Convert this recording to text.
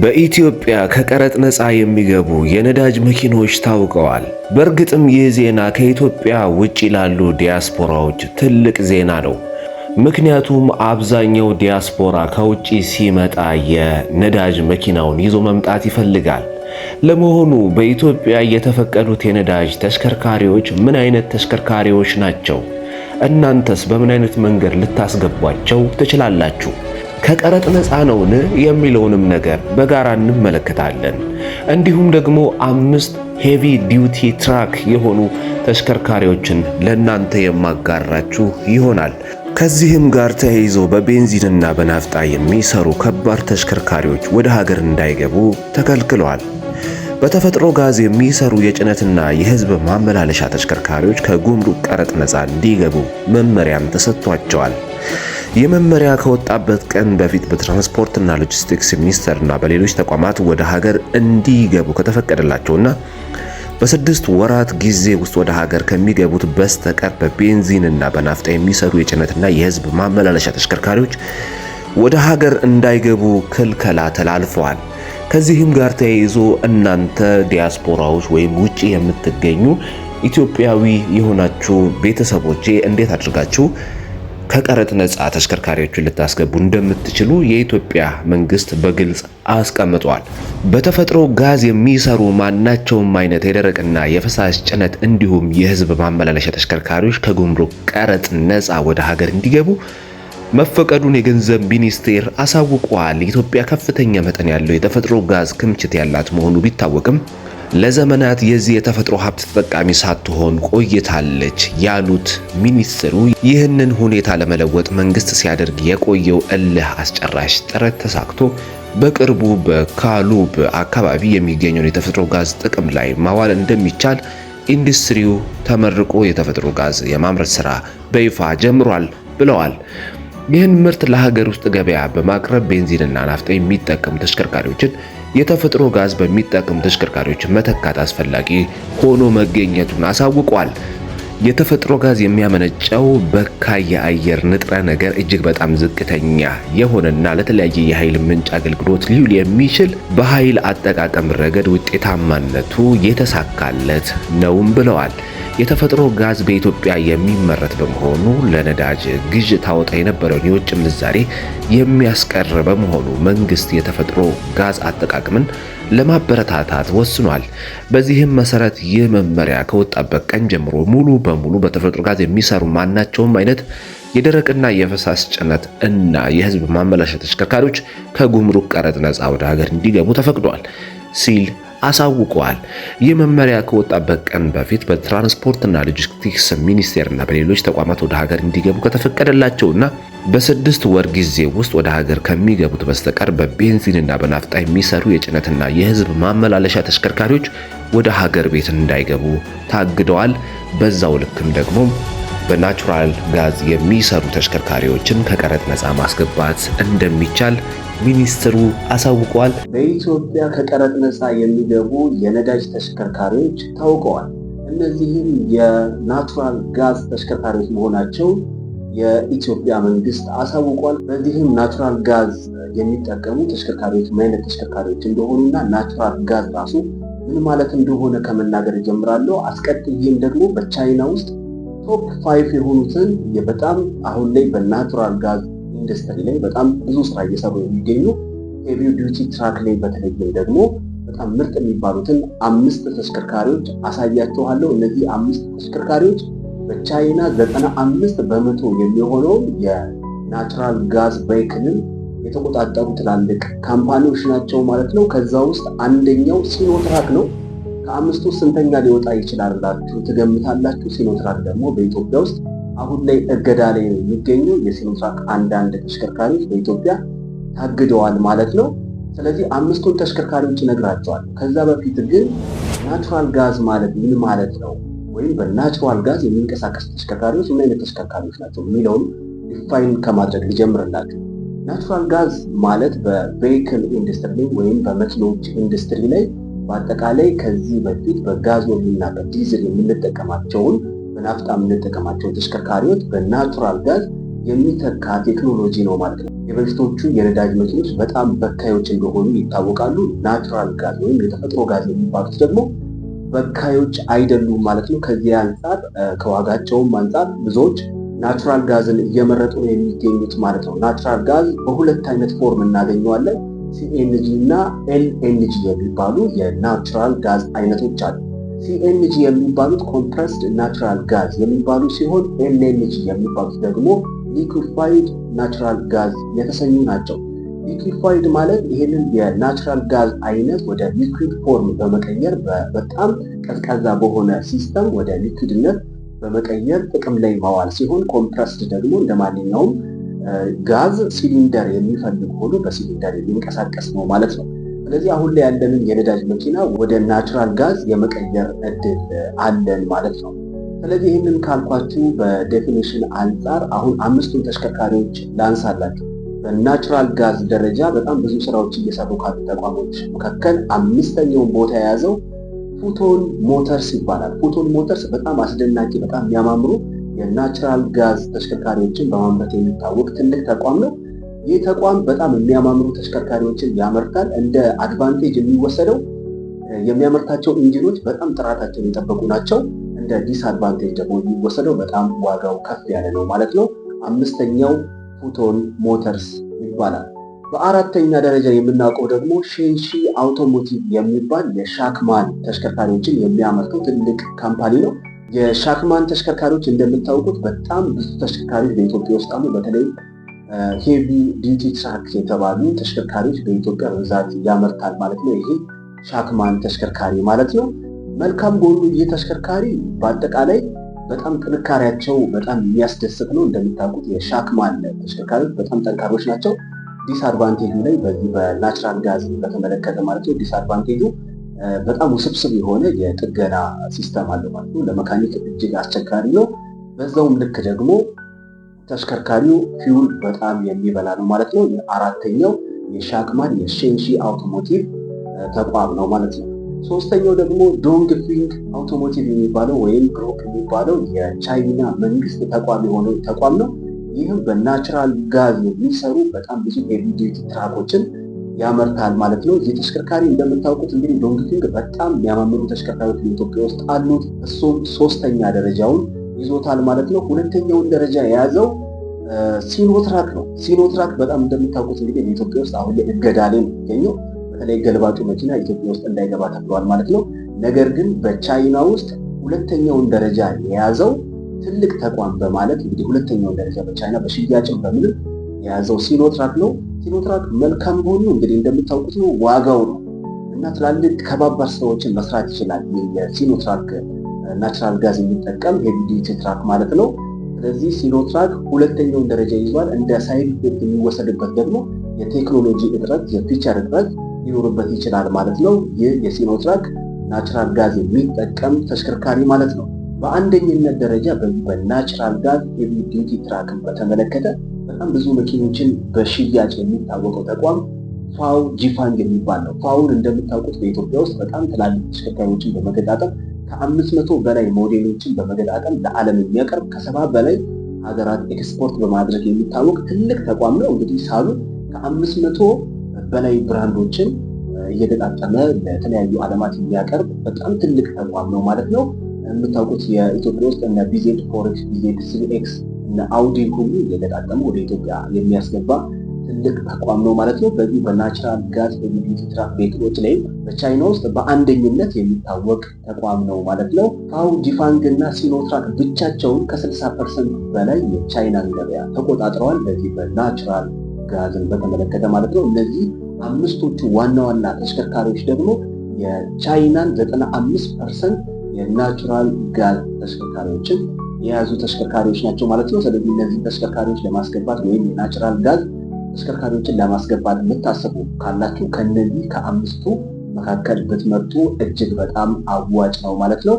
በኢትዮጵያ ከቀረጥ ነፃ የሚገቡ የነዳጅ መኪኖች ታውቀዋል። በእርግጥም ይህ ዜና ከኢትዮጵያ ውጭ ላሉ ዲያስፖራዎች ትልቅ ዜና ነው። ምክንያቱም አብዛኛው ዲያስፖራ ከውጭ ሲመጣ የነዳጅ መኪናውን ይዞ መምጣት ይፈልጋል። ለመሆኑ በኢትዮጵያ የተፈቀዱት የነዳጅ ተሽከርካሪዎች ምን አይነት ተሽከርካሪዎች ናቸው? እናንተስ በምን አይነት መንገድ ልታስገቧቸው ትችላላችሁ? ከቀረጥ ነፃ ነውን የሚለውንም ነገር በጋራ እንመለከታለን። እንዲሁም ደግሞ አምስት ሄቪ ዲዩቲ ትራክ የሆኑ ተሽከርካሪዎችን ለእናንተ የማጋራችሁ ይሆናል። ከዚህም ጋር ተያይዞ በቤንዚንና በናፍጣ የሚሰሩ ከባድ ተሽከርካሪዎች ወደ ሀገር እንዳይገቡ ተከልክለዋል። በተፈጥሮ ጋዝ የሚሰሩ የጭነትና የሕዝብ ማመላለሻ ተሽከርካሪዎች ከጉምሩክ ቀረጥ ነፃ እንዲገቡ መመሪያም ተሰጥቷቸዋል። የመመሪያ ከወጣበት ቀን በፊት በትራንስፖርትና ሎጂስቲክስ ሚኒስቴርና በሌሎች ተቋማት ወደ ሀገር እንዲገቡ ከተፈቀደላቸውና በስድስት ወራት ጊዜ ውስጥ ወደ ሀገር ከሚገቡት በስተቀር በቤንዚንና በናፍጣ የሚሰሩ የጭነትና የህዝብ ማመላለሻ ተሽከርካሪዎች ወደ ሀገር እንዳይገቡ ክልከላ ተላልፈዋል። ከዚህም ጋር ተያይዞ እናንተ ዲያስፖራዎች ወይም ውጭ የምትገኙ ኢትዮጵያዊ የሆናችሁ ቤተሰቦቼ እንዴት አድርጋችሁ ከቀረጥ ነፃ ተሽከርካሪዎችን ልታስገቡ እንደምትችሉ የኢትዮጵያ መንግስት በግልጽ አስቀምጧል። በተፈጥሮ ጋዝ የሚሰሩ ማናቸውም አይነት የደረቅና የፈሳሽ ጭነት እንዲሁም የህዝብ ማመላለሻ ተሽከርካሪዎች ከጉምሩክ ቀረጥ ነፃ ወደ ሀገር እንዲገቡ መፈቀዱን የገንዘብ ሚኒስቴር አሳውቋል። ኢትዮጵያ ከፍተኛ መጠን ያለው የተፈጥሮ ጋዝ ክምችት ያላት መሆኑ ቢታወቅም ለዘመናት የዚህ የተፈጥሮ ሀብት ተጠቃሚ ሳትሆን ቆይታለች ያሉት ሚኒስትሩ ይህንን ሁኔታ ለመለወጥ መንግስት ሲያደርግ የቆየው እልህ አስጨራሽ ጥረት ተሳክቶ በቅርቡ በካሉብ አካባቢ የሚገኘውን የተፈጥሮ ጋዝ ጥቅም ላይ ማዋል እንደሚቻል ኢንዱስትሪው ተመርቆ የተፈጥሮ ጋዝ የማምረት ስራ በይፋ ጀምሯል ብለዋል። ይህን ምርት ለሀገር ውስጥ ገበያ በማቅረብ ቤንዚንና ናፍጣ የሚጠቀም ተሽከርካሪዎችን የተፈጥሮ ጋዝ በሚጠቀም ተሽከርካሪዎች መተካት አስፈላጊ ሆኖ መገኘቱን አሳውቋል። የተፈጥሮ ጋዝ የሚያመነጨው በካይ የአየር ንጥረ ነገር እጅግ በጣም ዝቅተኛ የሆነና ለተለያየ የኃይል ምንጭ አገልግሎት ሊውል የሚችል በኃይል አጠቃቀም ረገድ ውጤታማነቱ የተሳካለት ነውም ብለዋል። የተፈጥሮ ጋዝ በኢትዮጵያ የሚመረት በመሆኑ ለነዳጅ ግዥ ታወጣ የነበረውን የውጭ ምንዛሬ የሚያስቀር በመሆኑ መንግስት የተፈጥሮ ጋዝ አጠቃቅምን ለማበረታታት ወስኗል። በዚህም መሰረት ይህ መመሪያ ከወጣበት ቀን ጀምሮ ሙሉ በሙሉ በተፈጥሮ ጋዝ የሚሰሩ ማናቸውም አይነት የደረቅና የፈሳስ ጭነት እና የህዝብ ማመላሻ ተሽከርካሪዎች ከጉምሩክ ቀረጥ ነፃ ወደ ሀገር እንዲገቡ ተፈቅዷል ሲል አሳውቀዋል። ይህ መመሪያ ከወጣበት ቀን በፊት በትራንስፖርትና ሎጂስቲክስ ሚኒስቴርና በሌሎች ተቋማት ወደ ሀገር እንዲገቡ ከተፈቀደላቸውና በስድስት ወር ጊዜ ውስጥ ወደ ሀገር ከሚገቡት በስተቀር በቤንዚንና በናፍጣ የሚሰሩ የጭነትና የህዝብ ማመላለሻ ተሽከርካሪዎች ወደ ሀገር ቤት እንዳይገቡ ታግደዋል። በዛው ልክም ደግሞ በናቹራል ጋዝ የሚሰሩ ተሽከርካሪዎችን ከቀረጥ ነፃ ማስገባት እንደሚቻል ሚኒስትሩ አሳውቀዋል። በኢትዮጵያ ከቀረጥ ነፃ የሚገቡ የነዳጅ ተሽከርካሪዎች ታውቀዋል። እነዚህም የናቱራል ጋዝ ተሽከርካሪዎች መሆናቸው የኢትዮጵያ መንግስት አሳውቋል። በዚህም ናቹራል ጋዝ የሚጠቀሙ ተሽከርካሪዎች ምን አይነት ተሽከርካሪዎች እንደሆኑና ናቹራል ጋዝ ራሱ ምን ማለት እንደሆነ ከመናገር እጀምራለሁ። አስቀጥዬም ደግሞ በቻይና ውስጥ ቶፕ ፋይቭ የሆኑትን በጣም አሁን ላይ በናቹራል ጋዝ ኢንዱስትሪ ላይ በጣም ብዙ ስራ እየሰሩ የሚገኙ ሄቪ ዲዩቲ ትራክ ላይ በተለይም ደግሞ በጣም ምርጥ የሚባሉትን አምስት ተሽከርካሪዎች አሳያችኋለሁ። እነዚህ አምስት ተሽከርካሪዎች በቻይና ዘጠና አምስት በመቶ የሚሆነውን የናቹራል ጋዝ ብሬክንን የተቆጣጠሩ ትላልቅ ካምፓኒዎች ናቸው ማለት ነው። ከዛ ውስጥ አንደኛው ሲኖትራክ ነው። ከአምስቱ ስንተኛ ሊወጣ ይችላላችሁ ትገምታላችሁ? ሲኖትራክ ደግሞ በኢትዮጵያ ውስጥ አሁን ላይ እገዳ ላይ የሚገኙ የሲኖትራክ አንዳንድ ተሽከርካሪዎች በኢትዮጵያ ታግደዋል ማለት ነው። ስለዚህ አምስቱን ተሽከርካሪዎች ይነግራቸዋል። ከዛ በፊት ግን ናቹራል ጋዝ ማለት ምን ማለት ነው ወይም በናቹራል ጋዝ የሚንቀሳቀስ ተሽከርካሪዎች ምን አይነት ተሽከርካሪዎች ናቸው የሚለውም ዲፋይን ከማድረግ ሊጀምርላቸው። ናቹራል ጋዝ ማለት በቬይክል ኢንዱስትሪ ወይም በመኪኖች ኢንዱስትሪ ላይ በአጠቃላይ ከዚህ በፊት በጋዝ ወይምና በዲዝል የምንጠቀማቸውን በናፍጣ የምንጠቀማቸው ተሽከርካሪዎች በናቹራል ጋዝ የሚተካ ቴክኖሎጂ ነው ማለት ነው። የበፊቶቹ የነዳጅ መኪኖች በጣም በካዮች እንደሆኑ ይታወቃሉ። ናቹራል ጋዝ ወይም የተፈጥሮ ጋዝ የሚባሉት ደግሞ በካዮች አይደሉም ማለት ነው። ከዚህ አንጻር ከዋጋቸውም አንጻር ብዙዎች ናቹራል ጋዝን እየመረጡ ነው የሚገኙት ማለት ነው። ናቹራል ጋዝ በሁለት አይነት ፎርም እናገኘዋለን። ሲኤንጂ እና ኤልኤንጂ የሚባሉ የናቹራል ጋዝ አይነቶች አሉ። ሲኤንጂ የሚባሉት ኮምፕረስድ ናቹራል ጋዝ የሚባሉ ሲሆን ኤልኤንጂ የሚባሉት ደግሞ ሊኩፋይድ ናቹራል ጋዝ የተሰኙ ናቸው። ሊኩፋይድ ማለት ይህንን የናቹራል ጋዝ አይነት ወደ ሊኩድ ፎርም በመቀየር በጣም ቀዝቃዛ በሆነ ሲስተም ወደ ሊኩድነት በመቀየር ጥቅም ላይ ማዋል ሲሆን ኮምፕረስድ ደግሞ እንደ ማንኛውም ጋዝ ሲሊንደር የሚፈልግ ሆኖ በሲሊንደር የሚንቀሳቀስ ነው ማለት ነው። ስለዚህ አሁን ላይ ያለንን የነዳጅ መኪና ወደ ናቹራል ጋዝ የመቀየር እድል አለን ማለት ነው። ስለዚህ ይህንን ካልኳችሁ በዴፊኒሽን አንጻር አሁን አምስቱን ተሽከርካሪዎች ላንሳላችሁ። በናቹራል ጋዝ ደረጃ በጣም ብዙ ስራዎች እየሰሩ ካሉ ተቋሞች መካከል አምስተኛውን ቦታ የያዘው ፉቶን ሞተርስ ይባላል። ፉቶን ሞተርስ በጣም አስደናቂ፣ በጣም የሚያማምሩ የናቹራል ጋዝ ተሽከርካሪዎችን በማምረት የሚታወቅ ትልቅ ተቋም ነው። ይህ ተቋም በጣም የሚያማምሩ ተሽከርካሪዎችን ያመርታል። እንደ አድቫንቴጅ የሚወሰደው የሚያመርታቸው ኢንጂኖች በጣም ጥራታቸውን የጠበቁ ናቸው። እንደ ዲስአድቫንቴጅ ደግሞ የሚወሰደው በጣም ዋጋው ከፍ ያለ ነው ማለት ነው። አምስተኛው ፉቶን ሞተርስ ይባላል። በአራተኛ ደረጃ የምናውቀው ደግሞ ሼንሺ አውቶሞቲቭ የሚባል የሻክማን ተሽከርካሪዎችን የሚያመርተው ትልቅ ካምፓኒ ነው። የሻክማን ተሽከርካሪዎች እንደምታውቁት በጣም ብዙ ተሽከርካሪዎች በኢትዮጵያ ውስጥ አሉ። በተለይ ሄቪ ዲቲ ትራክ የተባሉ ተሽከርካሪዎች በኢትዮጵያ በብዛት ያመርታል ማለት ነው። ይሄ ሻክማን ተሽከርካሪ ማለት ነው። መልካም ጎኑ ይህ ተሽከርካሪ በአጠቃላይ በጣም ጥንካሬያቸው በጣም የሚያስደስት ነው። እንደምታውቁት የሻክማን ተሽከርካሪዎች በጣም ጠንካሮች ናቸው። ዲስአድቫንቴጁ ላይ በዚህ በናችራል ጋዝ በተመለከተ ማለት ነው። ዲስአድቫንቴጁ በጣም ውስብስብ የሆነ የጥገና ሲስተም አለው ማለት ነው። ለመካኒክ እጅግ አስቸጋሪ ነው። በዛውም ልክ ደግሞ ተሽከርካሪው ፊውል በጣም የሚበላ ነው ማለት ነው። አራተኛው የሻክማን የሼንሺ አውቶሞቲቭ ተቋም ነው ማለት ነው። ሶስተኛው ደግሞ ዶንግ ፊንግ አውቶሞቲቭ የሚባለው ወይም ግሩፕ የሚባለው የቻይና መንግስት ተቋም የሆነ ተቋም ነው። ይህም በናቹራል ጋዝ የሚሰሩ በጣም ብዙ ሄቪ ዲዩቲ ትራኮችን ያመርታል ማለት ነው። ይህ ተሽከርካሪ እንደምታውቁት እንግዲህ ዶንግ ፊንግ በጣም የሚያማምሩ ተሽከርካሪዎች ኢትዮጵያ ውስጥ አሉት። እሱም ሶስተኛ ደረጃውን ይዞታል ማለት ነው። ሁለተኛውን ደረጃ የያዘው ሲኖትራክ ነው። ሲኖትራክ በጣም እንደምታውቁት እንግዲህ በኢትዮጵያ ውስጥ አሁን ላይ እገዳ ላይ ነው የሚገኘው። በተለይ ገልባጩ መኪና ኢትዮጵያ ውስጥ እንዳይገባ ተብሏል ማለት ነው። ነገር ግን በቻይና ውስጥ ሁለተኛውን ደረጃ የያዘው ትልቅ ተቋም በማለት እንግዲህ ሁለተኛውን ደረጃ በቻይና በሽያጭም በምንም የያዘው ሲኖትራክ ነው። ሲኖትራክ መልካም በሆኑ እንግዲህ እንደምታውቁት ነው ዋጋው ነው እና ትላልቅ ከባባር ስራዎችን መስራት ይችላል የሲኖትራክ ናችራል ጋዝ የሚጠቀም የቪዲቲ ትራክ ማለት ነው። ስለዚህ ሲኖ ትራክ ሁለተኛውን ደረጃ ይዟል። እንደ ሳይድ ኢፌክት የሚወሰድበት ደግሞ የቴክኖሎጂ እጥረት፣ የፊቸር እጥረት ሊኖርበት ይችላል ማለት ነው። ይህ የሲኖ ትራክ ጋዝ የሚጠቀም ተሽከርካሪ ማለት ነው። በአንደኝነት ደረጃ በዚህ ጋዝ ሄቪ ዲዩቲ ትራክን በተመለከተ በጣም ብዙ መኪኖችን በሽያጭ የሚታወቀው ተቋም ፋው ጂፋንግ የሚባል ነው። ፋውን እንደምታውቁት በኢትዮጵያ ውስጥ በጣም ትላልቅ ተሽከርካሪዎችን በመገጣጠም ከአምስት መቶ በላይ ሞዴሎችን በመገጣጠም ለዓለም የሚያቀርብ ከሰባ በላይ ሀገራት ኤክስፖርት በማድረግ የሚታወቅ ትልቅ ተቋም ነው። እንግዲህ ሳሉን ከአምስት መቶ በላይ ብራንዶችን እየገጣጠመ ለተለያዩ ዓለማት የሚያቀርብ በጣም ትልቅ ተቋም ነው ማለት ነው። የምታውቁት የኢትዮጵያ ውስጥ እነ ቢዜድ ፎሬክስ፣ ቢዜድ ሲቪኤክስ፣ እነ አውዲ ሁሉ እየገጣጠመ ወደ ኢትዮጵያ የሚያስገባ ትልቅ ተቋም ነው ማለት ነው። በዚህ በናቹራል ጋዝ በሚኒስትራት ቤቶች ላይ በቻይና ውስጥ በአንደኝነት የሚታወቅ ተቋም ነው ማለት ነው። ፋው ጂፋንግ እና ሲኖትራክ ብቻቸውን ከ60 ፐርሰንት በላይ የቻይናን ገበያ ተቆጣጥረዋል። በዚህ በናቹራል ጋዝን በተመለከተ ማለት ነው። እነዚህ አምስቶቹ ዋና ዋና ተሽከርካሪዎች ደግሞ የቻይናን 95 ፐርሰንት የናቹራል ጋዝ ተሽከርካሪዎችን የያዙ ተሽከርካሪዎች ናቸው ማለት ነው። ስለዚህ እነዚህ ተሽከርካሪዎች ለማስገባት ወይም የናቹራል ጋዝ ተሽከርካሪዎችን ለማስገባት የምታስቡ ካላችሁ ከነዚህ ከአምስቱ መካከል ብትመርጡ እጅግ በጣም አዋጭ ነው ማለት ነው።